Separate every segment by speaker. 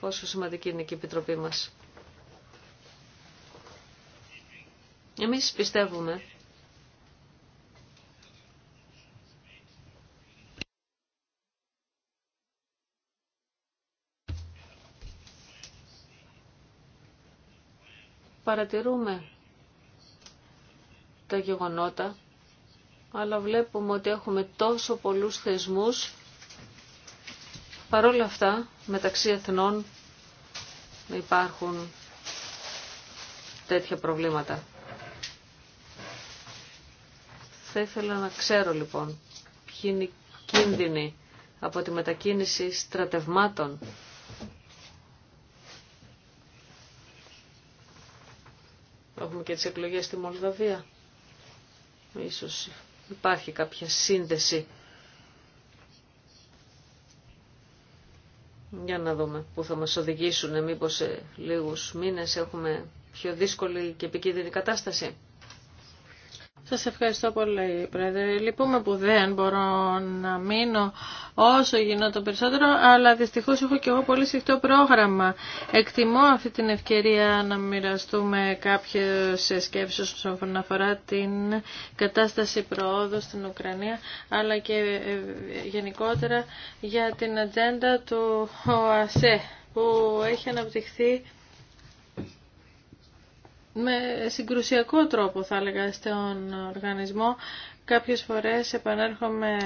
Speaker 1: Πόσο σημαντική είναι και η Επιτροπή μας. Εμείς πιστεύουμε παρατηρούμε τα γεγονότα, αλλά βλέπουμε ότι έχουμε τόσο πολλούς θεσμούς Παρόλα αυτά, μεταξύ εθνών υπάρχουν τέτοια προβλήματα. Θα ήθελα να ξέρω λοιπόν ποιοι είναι οι κίνδυνοι από τη μετακίνηση στρατευμάτων Έχουμε και τις εκλογές στη Μολδαβία. Ίσως υπάρχει κάποια σύνδεση Για να δούμε που θα μας οδηγήσουν μήπως
Speaker 2: σε λίγους μήνες έχουμε πιο δύσκολη και επικίνδυνη κατάσταση. Σας ευχαριστώ πολύ, Πρόεδρε. Λυπούμε που δεν μπορώ να μείνω όσο το περισσότερο, αλλά δυστυχώς έχω και εγώ πολύ συχτό πρόγραμμα. Εκτιμώ αυτή την ευκαιρία να μοιραστούμε κάποιες σκέψεις όσον αφορά την κατάσταση προόδου στην Ουκρανία, αλλά και ε, γενικότερα για την ατζέντα του ΟΑΣΕ που έχει αναπτυχθεί με συγκρουσιακό τρόπο θα έλεγα στον οργανισμό. Κάποιες φορές επανέρχομαι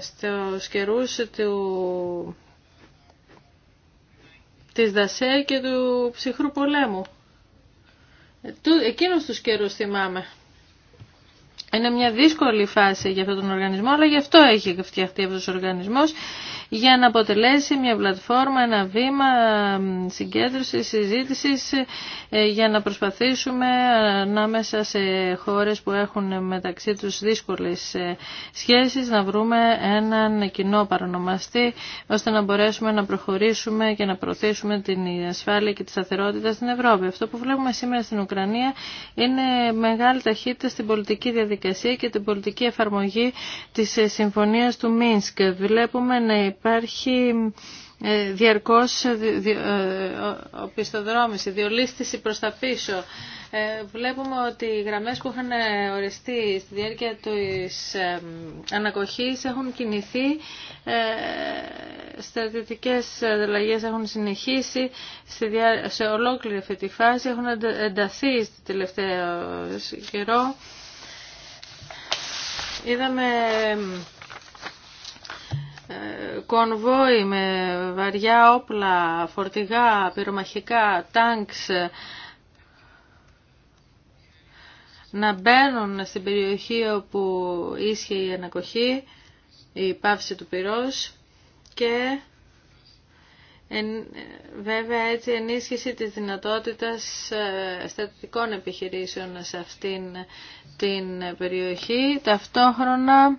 Speaker 2: στους καιρούς του... της Δασέ και του ψυχρού πολέμου. Εκείνους τους καιρούς θυμάμαι. Είναι μια δύσκολη φάση για αυτόν τον οργανισμό, αλλά γι' αυτό έχει φτιαχτεί αυτός ο οργανισμός για να αποτελέσει μια πλατφόρμα, ένα βήμα συγκέντρωσης, συζήτησης ε, για να προσπαθήσουμε ανάμεσα σε χώρες που έχουν μεταξύ τους δύσκολες ε, σχέσεις να βρούμε έναν κοινό παρονομαστή ώστε να μπορέσουμε να προχωρήσουμε και να προωθήσουμε την ασφάλεια και τη σταθερότητα στην Ευρώπη. Αυτό που βλέπουμε σήμερα στην Ουκρανία είναι μεγάλη ταχύτητα στην πολιτική διαδικασία και την πολιτική εφαρμογή της ε, συμφωνίας του Μίνσκ. Βλέπουμε να υπάρχει ε, διαρκώς ε, ε, οπισθοδρόμηση, διολίστηση προς τα πίσω. Βλέπουμε ότι οι γραμμές που είχαν οριστεί στη διάρκεια της ανακοχής έχουν κινηθεί, στρατιωτικές αλλαγές έχουν συνεχίσει σε ολόκληρη αυτή τη φάση, έχουν ενταθεί στο τελευταίο καιρό. Είδαμε κονβόι με βαριά όπλα, φορτηγά, πυρομαχικά, τάγκς να μπαίνουν στην περιοχή όπου ίσχυε η ανακοχή, η πάυση του πυρός και βέβαια έτσι ενίσχυση της δυνατότητας ε, στατικών επιχειρήσεων σε αυτήν την περιοχή. Ταυτόχρονα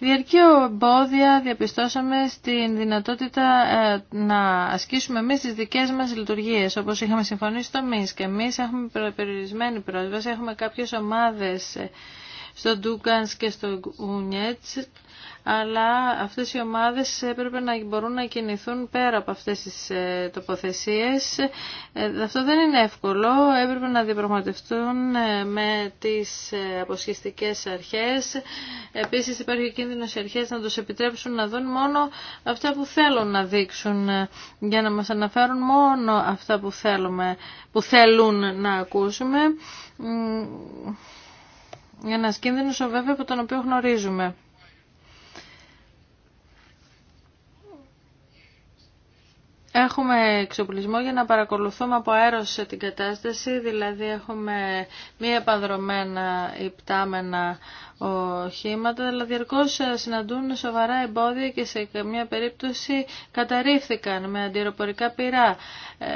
Speaker 2: Διαρκή εμπόδια διαπιστώσαμε στην δυνατότητα ε, να ασκήσουμε εμεί τι δικέ μα λειτουργίε, όπω είχαμε συμφωνήσει το Και εμεί έχουμε περιορισμένη πρόσβαση, έχουμε κάποιε ομάδε ε, στο Ντούγκανς και στο Ουνιέτς, αλλά αυτές οι ομάδες έπρεπε να μπορούν να κινηθούν πέρα από αυτές τις ε, τοποθεσίες. Ε, αυτό δεν είναι εύκολο, έπρεπε να διαπραγματευτούν ε, με τις αποσχιστικές αρχές. Επίσης υπάρχει κίνδυνος οι αρχές να τους επιτρέψουν να δουν μόνο αυτά που θέλουν να δείξουν, για να μας αναφέρουν μόνο αυτά που, θέλουμε, που θέλουν να ακούσουμε να κίνδυνος βέβαια από τον οποίο γνωρίζουμε. Έχουμε εξοπλισμό για να παρακολουθούμε από αέρος την κατάσταση, δηλαδή έχουμε μη επανδρομένα υπτάμενα οχήματα, Δηλαδή, διαρκώς συναντούν σοβαρά εμπόδια και σε καμία περίπτωση καταρρίφθηκαν με αντιεροπορικά πυρά. Ε,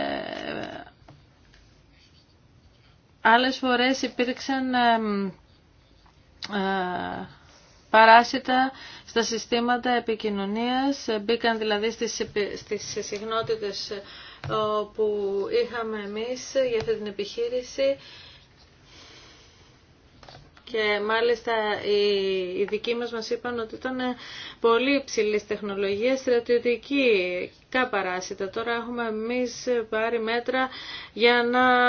Speaker 2: άλλες φορές υπήρξαν ε, παράσιτα στα συστήματα επικοινωνίας. Μπήκαν δηλαδή στις, στις ε, που είχαμε εμείς για αυτή την επιχείρηση και μάλιστα οι δικοί μας μας είπαν ότι ήταν πολύ υψηλή τεχνολογία, στρατιωτική καπαράσιτα. Τώρα έχουμε εμείς πάρει μέτρα για να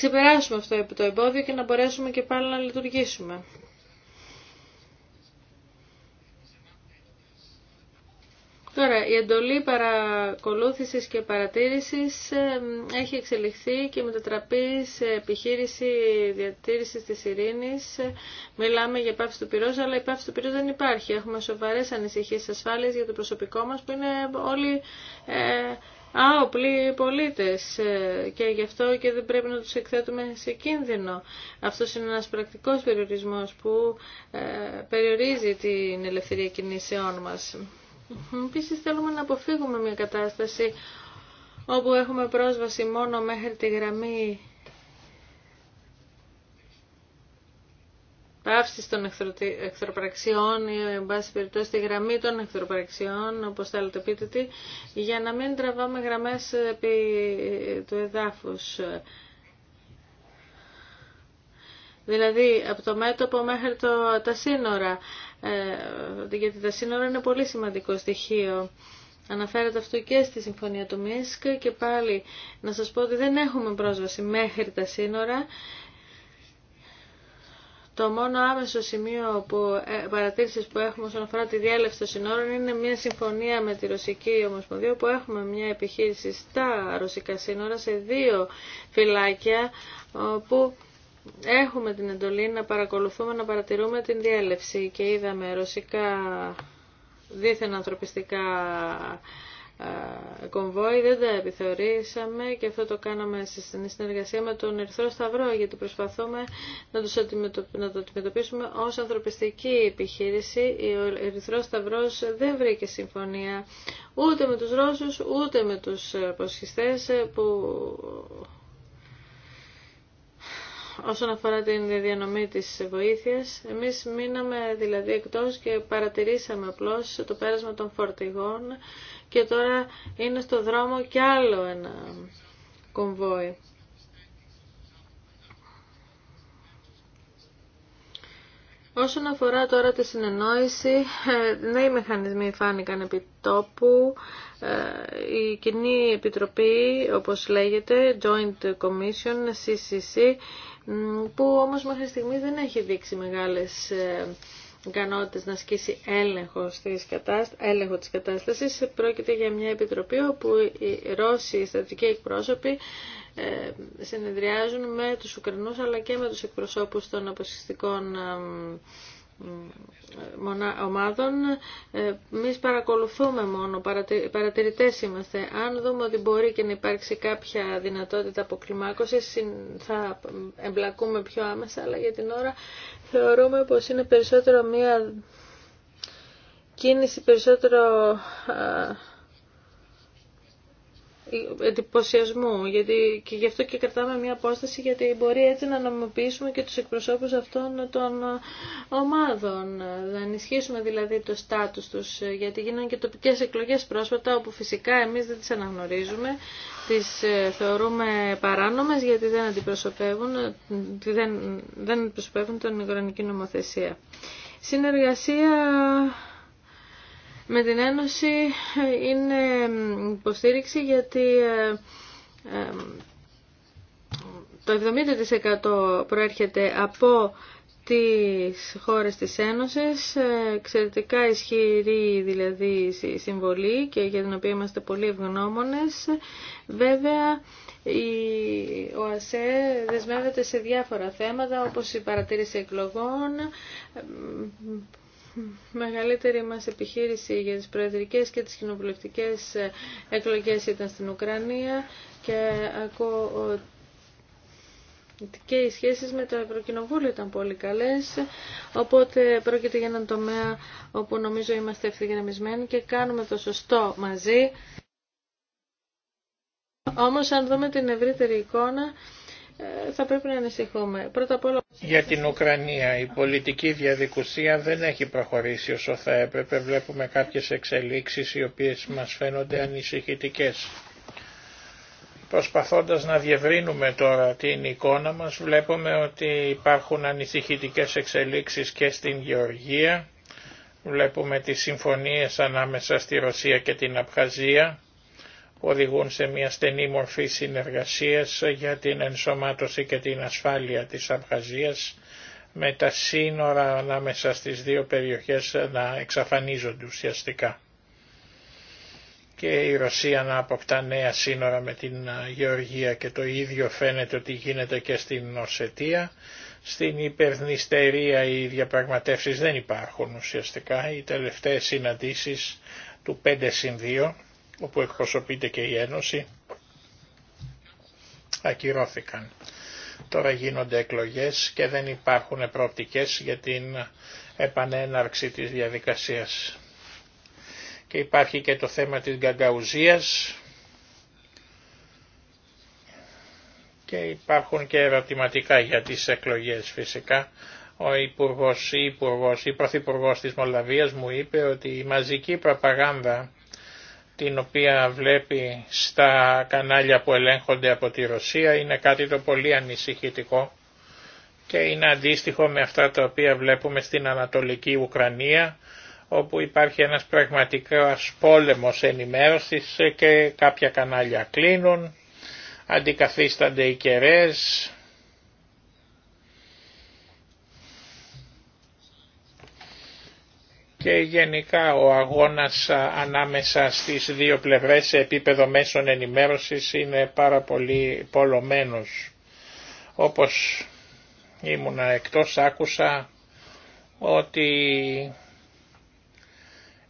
Speaker 2: ξεπεράσουμε αυτό το εμπόδιο και να μπορέσουμε και πάλι να λειτουργήσουμε. Τώρα, η εντολή παρακολούθησης και παρατήρησης έχει εξελιχθεί και μετατραπεί σε επιχείρηση διατήρησης της ειρήνης. Μιλάμε για πάυση του πυρό, αλλά η πάυση του πυρός δεν υπάρχει. Έχουμε σοβαρές ανησυχίες ασφάλειας για το προσωπικό μας που είναι όλοι ε, άοπλοι πολίτες ε, και γι' αυτό και δεν πρέπει να του εκθέτουμε σε κίνδυνο. Αυτό είναι ένας πρακτικός περιορισμός που ε, περιορίζει την ελευθερία κινήσεών μας. Επίση θέλουμε να αποφύγουμε μια κατάσταση όπου έχουμε πρόσβαση μόνο μέχρι τη γραμμή πάυσης των εχθροπραξιών ή εν πάση τη γραμμή των εχθροπραξιών, όπως θέλετε πείτε τι, για να μην τραβάμε γραμμές επί του εδάφους. Δηλαδή από το μέτωπο μέχρι το, τα σύνορα, ε, γιατί τα σύνορα είναι πολύ σημαντικό στοιχείο. Αναφέρεται αυτό και στη Συμφωνία του Μίσκ και πάλι να σας πω ότι δεν έχουμε πρόσβαση μέχρι τα σύνορα. Το μόνο άμεσο σημείο που, ε, παρατήρησης που έχουμε όσον αφορά τη διέλευση των συνόρων είναι μια συμφωνία με τη Ρωσική Ομοσπονδία που έχουμε μια επιχείρηση στα ρωσικά σύνορα σε δύο φυλάκια όπου έχουμε την εντολή να παρακολουθούμε, να παρατηρούμε την διέλευση και είδαμε ρωσικά δίθεν ανθρωπιστικά ε, κομβόη, δεν τα επιθεωρήσαμε και αυτό το κάναμε στην συνεργασία με τον Ερυθρό Σταυρό γιατί προσπαθούμε να, τους να το αντιμετωπίσουμε ως ανθρωπιστική επιχείρηση. Ο Ερυθρός Σταυρός δεν βρήκε συμφωνία ούτε με τους Ρώσους ούτε με τους ε, αποσχιστές ε, που όσον αφορά την διανομή της βοήθειας, εμείς μείναμε δηλαδή εκτός και παρατηρήσαμε απλώς το πέρασμα των φορτηγών και τώρα είναι στο δρόμο κι άλλο ένα κομβόι. Όσον αφορά τώρα τη συνεννόηση, ε, νέοι μηχανισμοί φάνηκαν επί τόπου. Ε, η Κοινή Επιτροπή, όπως λέγεται, Joint Commission, CCC, που όμως μέχρι στιγμή δεν έχει δείξει μεγάλες ε, ικανότητες να ασκήσει έλεγχο, της έλεγχο της κατάστασης. Πρόκειται για μια επιτροπή όπου οι Ρώσοι στρατικοί εκπρόσωποι ε, συνεδριάζουν με τους Ουκρανούς αλλά και με τους εκπροσώπους των αποσυστικών ε, ομάδων. Ε, Εμεί παρακολουθούμε μόνο, παρατηρητές είμαστε. Αν δούμε ότι μπορεί και να υπάρξει κάποια δυνατότητα αποκλιμάκωσης, θα εμπλακούμε πιο άμεσα, αλλά για την ώρα θεωρούμε πως είναι περισσότερο μία κίνηση, περισσότερο εντυπωσιασμού γιατί, και γι' αυτό και κρατάμε μια απόσταση γιατί μπορεί έτσι να νομιμοποιήσουμε και τους εκπροσώπους αυτών των ομάδων να ενισχύσουμε δηλαδή το στάτους τους γιατί γίνανε και τοπικές εκλογές πρόσφατα όπου φυσικά εμείς δεν τις αναγνωρίζουμε τις ε, θεωρούμε παράνομες γιατί δεν αντιπροσωπεύουν, δεν, δεν αντιπροσωπεύουν την υγρονική νομοθεσία. Συνεργασία με την Ένωση είναι υποστήριξη γιατί ε, ε, το 70% προέρχεται από τις χώρες της Ένωσης, ε, εξαιρετικά ισχυρή δηλαδή συμβολή και για την οποία είμαστε πολύ ευγνώμονες. Βέβαια, ο ΑΣΕ δεσμεύεται σε διάφορα θέματα όπως η παρατήρηση εκλογών, μεγαλύτερη μας επιχείρηση για τις προεδρικές και τις κοινοβουλευτικές ε, εκλογές ήταν στην Ουκρανία και ακούω και οι σχέσεις με το Ευρωκοινοβούλιο ήταν πολύ καλές, οπότε πρόκειται για έναν τομέα όπου νομίζω είμαστε ευθυγραμμισμένοι και κάνουμε το σωστό μαζί. Όμως αν δούμε την ευρύτερη εικόνα, ε, θα πρέπει να ανησυχούμε.
Speaker 3: Για την Ουκρανία η πολιτική διαδικουσία δεν έχει προχωρήσει όσο θα έπρεπε. Βλέπουμε κάποιες εξελίξεις οι οποίες μας φαίνονται ανησυχητικές. Προσπαθώντας να διευρύνουμε τώρα την εικόνα μας βλέπουμε ότι υπάρχουν ανησυχητικές εξελίξεις και στην Γεωργία. Βλέπουμε τις συμφωνίες ανάμεσα στη Ρωσία και την Απχαζία οδηγούν σε μια στενή μορφή συνεργασίας για την ενσωμάτωση και την ασφάλεια της Αυγαζίας με τα σύνορα ανάμεσα στις δύο περιοχές να εξαφανίζονται ουσιαστικά και η Ρωσία να αποκτά νέα σύνορα με την Γεωργία και το ίδιο φαίνεται ότι γίνεται και στην Οσετία. Στην υπερνηστερία οι διαπραγματεύσεις δεν υπάρχουν ουσιαστικά. Οι τελευταίες συναντήσεις του 5 όπου εκπροσωπείται και η Ένωση, ακυρώθηκαν. Τώρα γίνονται εκλογές και δεν υπάρχουν προοπτικές για την επανέναρξη της διαδικασίας. Και υπάρχει και το θέμα της γκαγκαουζίας και υπάρχουν και ερωτηματικά για τις εκλογές φυσικά. Ο Υπουργός ή Υπουργός ή Πρωθυπουργός της Μολδαβίας μου είπε ότι η μαζική προπαγάνδα την οποία βλέπει στα κανάλια που ελέγχονται από τη Ρωσία είναι κάτι το πολύ ανησυχητικό και είναι αντίστοιχο με αυτά τα οποία βλέπουμε στην Ανατολική Ουκρανία όπου υπάρχει ένας πραγματικός πόλεμος ενημέρωσης και κάποια κανάλια κλείνουν, αντικαθίστανται οι κεραίες, και γενικά ο αγώνας ανάμεσα στις δύο πλευρές σε επίπεδο μέσων ενημέρωσης είναι πάρα πολύ πολλωμένος. Όπως ήμουνα εκτός άκουσα ότι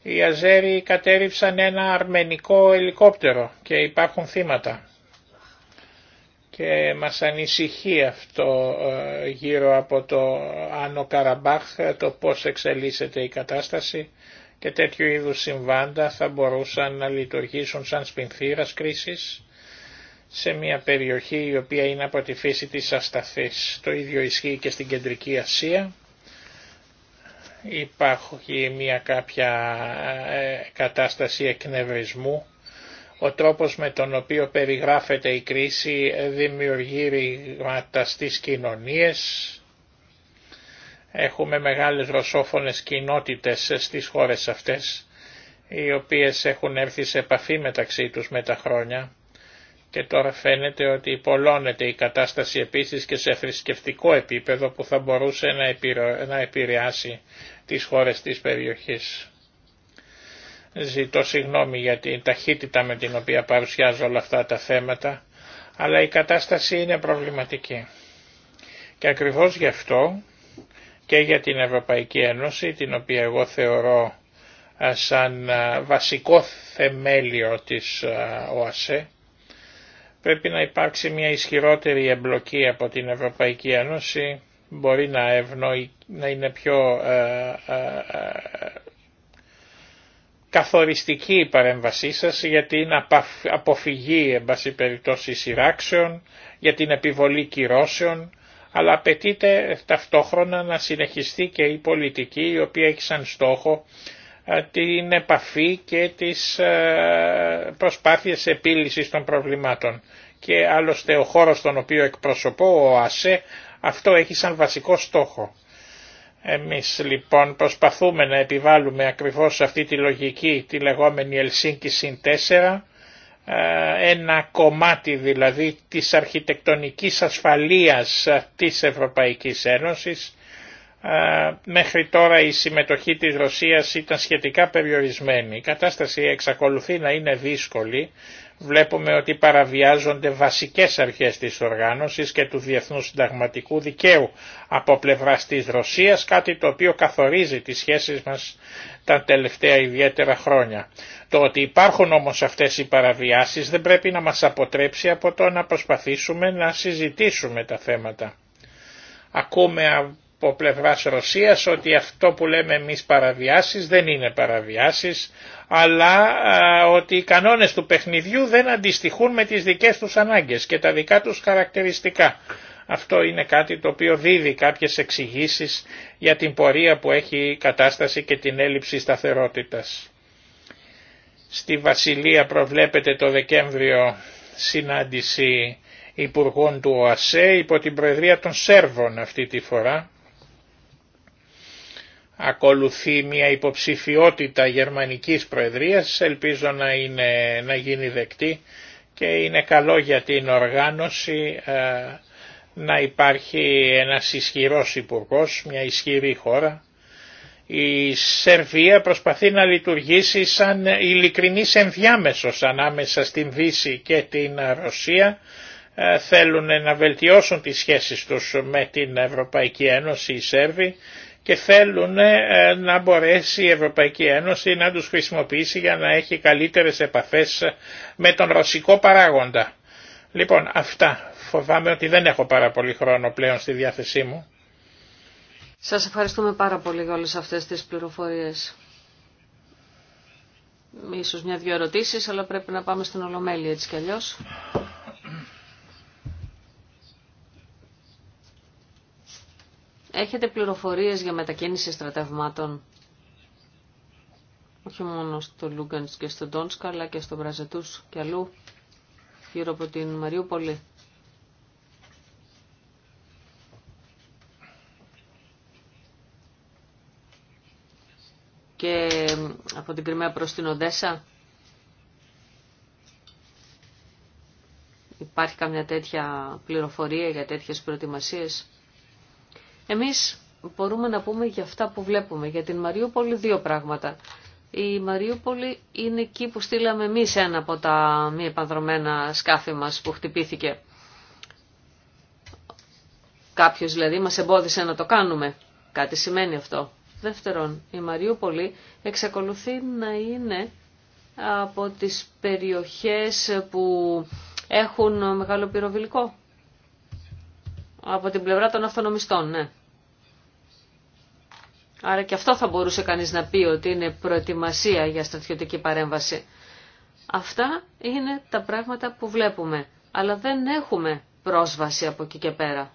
Speaker 3: οι Αζέρι κατέριψαν ένα αρμενικό ελικόπτερο και υπάρχουν θύματα και μας ανησυχεί αυτό ε, γύρω από το Άνω Καραμπάχ, το πώς εξελίσσεται η κατάσταση και τέτοιου είδους συμβάντα θα μπορούσαν να λειτουργήσουν σαν σπινθήρας κρίσης σε μια περιοχή η οποία είναι από τη φύση της ασταθής. Το ίδιο ισχύει και στην Κεντρική Ασία. Υπάρχει μια κάποια ε, κατάσταση εκνευρισμού ο τρόπος με τον οποίο περιγράφεται η κρίση δημιουργεί ρηγματα στις κοινωνίες. Έχουμε μεγάλες ρωσόφωνες κοινότητες στις χώρες αυτές, οι οποίες έχουν έρθει σε επαφή μεταξύ τους με τα χρόνια και τώρα φαίνεται ότι υπολώνεται η κατάσταση επίσης και σε θρησκευτικό επίπεδο που θα μπορούσε να επηρεάσει τις χώρες της περιοχής. Ζητώ συγγνώμη για την ταχύτητα με την οποία παρουσιάζω όλα αυτά τα θέματα, αλλά η κατάσταση είναι προβληματική. Και ακριβώς γι' αυτό και για την Ευρωπαϊκή Ένωση, την οποία εγώ θεωρώ σαν βασικό θεμέλιο της ΟΑΣΕ, πρέπει να υπάρξει μια ισχυρότερη εμπλοκή από την Ευρωπαϊκή Ένωση, μπορεί να ευνοεί, να είναι πιο καθοριστική η παρέμβασή σας για την αποφυγή εν πάση περιπτώσει σειράξεων, για την επιβολή κυρώσεων, αλλά απαιτείται ταυτόχρονα να συνεχιστεί και η πολιτική η οποία έχει σαν στόχο την επαφή και τις προσπάθειες επίλυσης των προβλημάτων. Και άλλωστε ο χώρος τον οποίο εκπροσωπώ, ο ΑΣΕ, αυτό έχει σαν βασικό στόχο. Εμείς λοιπόν προσπαθούμε να επιβάλλουμε ακριβώς αυτή τη λογική, τη λεγόμενη Ελσίνκη συν 4, ε, ένα κομμάτι δηλαδή της αρχιτεκτονικής ασφαλείας της Ευρωπαϊκής Ένωσης. Ε, μέχρι τώρα η συμμετοχή της Ρωσίας ήταν σχετικά περιορισμένη. Η κατάσταση εξακολουθεί να είναι δύσκολη βλέπουμε ότι παραβιάζονται βασικές αρχές της οργάνωσης και του διεθνούς συνταγματικού δικαίου από πλευράς της Ρωσίας, κάτι το οποίο καθορίζει τις σχέσεις μας τα τελευταία ιδιαίτερα χρόνια. Το ότι υπάρχουν όμως αυτές οι παραβιάσεις δεν πρέπει να μας αποτρέψει από το να προσπαθήσουμε να συζητήσουμε τα θέματα. Ακούμε από πλευρά Ρωσία ότι αυτό που λέμε εμεί παραβιάσεις δεν είναι παραβιάσεις αλλά ότι οι κανόνε του παιχνιδιού δεν αντιστοιχούν με τι δικές τους ανάγκε και τα δικά τους χαρακτηριστικά. Αυτό είναι κάτι το οποίο δίδει κάποιε εξηγήσει για την πορεία που έχει η κατάσταση και την έλλειψη σταθερότητα. Στη Βασιλεία προβλέπεται το Δεκέμβριο συνάντηση υπουργών του ΟΑΣΕ υπό την Προεδρία των Σέρβων αυτή τη φορά ακολουθεί μια υποψηφιότητα γερμανικής προεδρίας, ελπίζω να, είναι, να γίνει δεκτή και είναι καλό για την οργάνωση ε, να υπάρχει ένας ισχυρός υπουργός, μια ισχυρή χώρα. Η Σερβία προσπαθεί να λειτουργήσει σαν ειλικρινής ενδιάμεσος ανάμεσα στην Δύση και την Ρωσία. Ε, Θέλουν να βελτιώσουν τις σχέσεις τους με την Ευρωπαϊκή Ένωση οι Σέρβοι και θέλουν ε, να μπορέσει η Ευρωπαϊκή Ένωση να τους χρησιμοποιήσει για να έχει καλύτερες επαφές με τον ρωσικό παράγοντα. Λοιπόν, αυτά. Φοβάμαι ότι δεν έχω πάρα πολύ χρόνο πλέον στη διάθεσή μου.
Speaker 1: Σας ευχαριστούμε πάρα πολύ για όλες αυτές τις πληροφορίες. Ίσως μια-δυο ερωτήσεις, αλλά πρέπει να πάμε στην Ολομέλη έτσι κι αλλιώς. Έχετε πληροφορίες για μετακίνηση στρατευμάτων όχι μόνο στο Λούγκανς και στο Ντόνσκα αλλά και στο Μπραζέτους και αλλού γύρω από την Μαριούπολη. Και από την Κρυμαία προς την Οδέσα. υπάρχει καμιά τέτοια πληροφορία για τέτοιες προετοιμασίες. Εμείς μπορούμε να πούμε για αυτά που βλέπουμε. Για την Μαριούπολη δύο πράγματα. Η Μαριούπολη είναι εκεί που στείλαμε εμεί ένα από τα μη επανδρομένα σκάφη μας που χτυπήθηκε. Κάποιος δηλαδή μας εμπόδισε να το κάνουμε. Κάτι σημαίνει αυτό. Δεύτερον, η Μαριούπολη εξακολουθεί να είναι από τις περιοχές που έχουν μεγάλο πυροβιλικό. Από την πλευρά των αυτονομιστών, ναι. Άρα και αυτό θα μπορούσε κανείς να πει ότι είναι προετοιμασία για στρατιωτική παρέμβαση. Αυτά είναι τα πράγματα που βλέπουμε, αλλά δεν έχουμε πρόσβαση από εκεί και πέρα.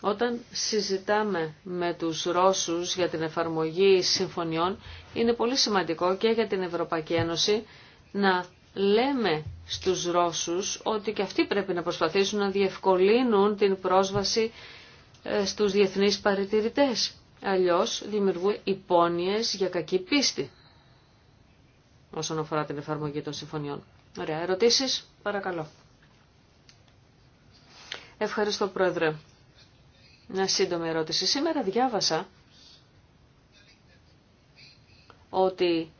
Speaker 1: Όταν συζητάμε με τους Ρώσους για την εφαρμογή συμφωνιών, είναι πολύ σημαντικό και για την Ευρωπαϊκή Ένωση να λέμε στους Ρώσους ότι και αυτοί πρέπει να προσπαθήσουν να διευκολύνουν την πρόσβαση στους διεθνείς παρατηρητές. Αλλιώς δημιουργούν υπόνοιες για κακή πίστη όσον αφορά την εφαρμογή των συμφωνιών. Ωραία, ερωτήσεις, παρακαλώ. Ευχαριστώ, Πρόεδρε. Μια σύντομη ερώτηση. Σήμερα διάβασα ότι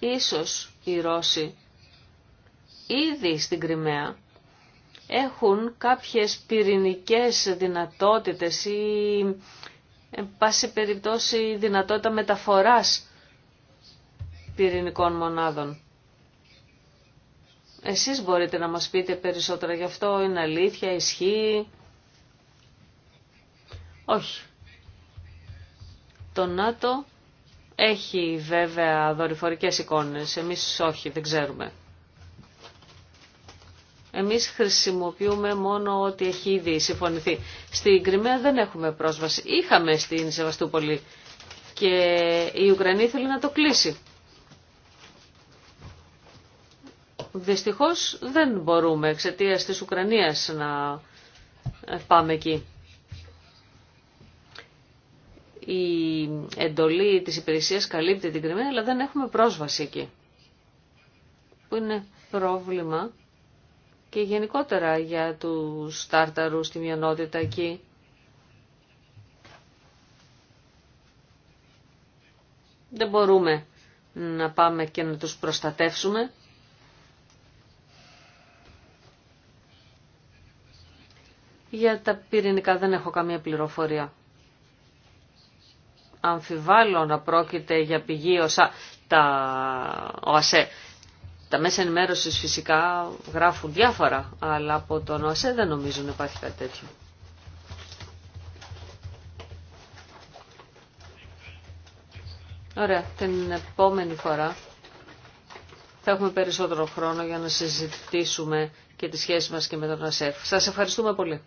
Speaker 1: ίσως οι Ρώσοι ήδη στην Κρυμαία έχουν κάποιες πυρηνικές δυνατότητες ή εν πάση περιπτώσει δυνατότητα μεταφοράς πυρηνικών μονάδων. Εσείς μπορείτε να μας πείτε περισσότερα γι' αυτό, είναι αλήθεια, ισχύει. Όχι. Το ΝΑΤΟ έχει βέβαια δορυφορικές εικόνες, εμείς όχι, δεν ξέρουμε. Εμείς χρησιμοποιούμε μόνο ό,τι έχει ήδη συμφωνηθεί. Στην Κρυμαία δεν έχουμε πρόσβαση. Είχαμε στην Σεβαστούπολη και η Ουκρανία θέλει να το κλείσει. Δυστυχώς δεν μπορούμε εξαιτία της Ουκρανίας να πάμε εκεί. Η εντολή της υπηρεσίας καλύπτει την Κρυμαία, αλλά δεν έχουμε πρόσβαση εκεί. Που είναι πρόβλημα και γενικότερα για τους τάρταρους στη μειονότητα εκεί. Δεν μπορούμε να πάμε και να τους προστατεύσουμε. Για τα πυρηνικά δεν έχω καμία πληροφορία. Αμφιβάλλω να πρόκειται για πηγή όσα τα ΟΑΣΕ τα μέσα ενημέρωση φυσικά γράφουν διάφορα, αλλά από τον ΟΑΣΕ δεν νομίζω να υπάρχει κάτι τέτοιο. Ωραία, την επόμενη φορά θα έχουμε περισσότερο χρόνο για να συζητήσουμε και τη σχέση μας και με τον ΟΑΣΕΦ. Σας ευχαριστούμε πολύ.